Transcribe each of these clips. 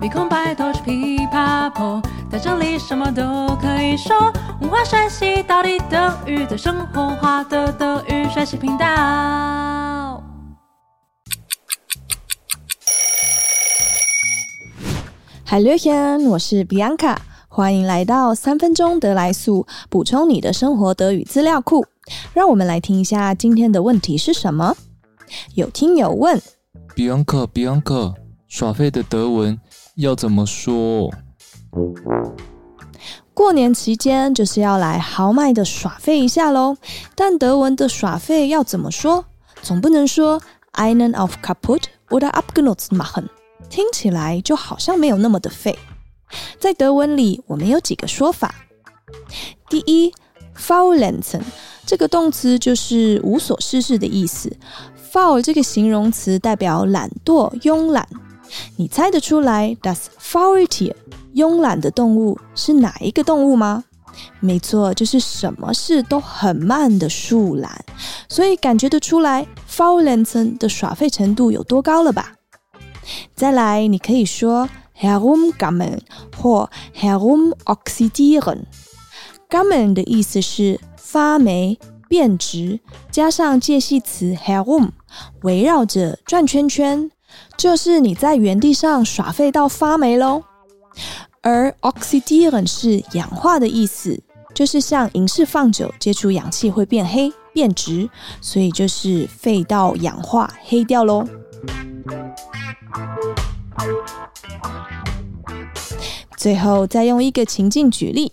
米孔拜託住琵琶破，在這裡什麼都可以說。文化學習到底等生活化的等學習頻道。Aw, English, English, Hallo Leute, 我是 Bianca，歡迎來到三分鐘德來速，補充你的生活德語資料庫。讓我們來聽一下今天的問題是什麼？有聽友問 Bianca，Bianca。耍廢的德文要怎麼說？過年期間就是要來豪邁的耍廢一下嘍！但德文的耍廢要怎麼說？總不能說 "einen auf kaputt oder abgenutzt machen"，聽起來就好像沒有那麼的廢。在德文裡，我們有幾個說法。第一 faulenzen 這個動詞就是無所事事的意思。faul 這個形容詞代表懶惰、慵懶。你猜得出來，das Faultier 慵懶的動物是哪一個動物嗎？沒錯，就是什麼事都很慢的樹懶。所以感覺得出來，faulenzen 的耍廢程度有多高了吧？再來，你可以說 herumgammeln 或 herumoxidieren。gammeln 的意思是發霉、變質，加上介系詞 herum，圍繞着轉圈圈。就是你在原地上耍廢到發霉嘍，而 oxidieren 是氧化的意思，就是像銀飾放久接觸氧氣會變黑變質，所以就是廢到氧化黑掉嘍。最後再用一個情境舉例。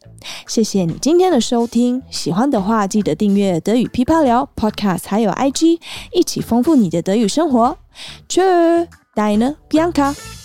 謝謝你今天的收聽，喜歡的話記得訂閱德語劈啪聊 Podcast，還有 IG，一起豐富你的德語生活。Tschö, deine Bianca。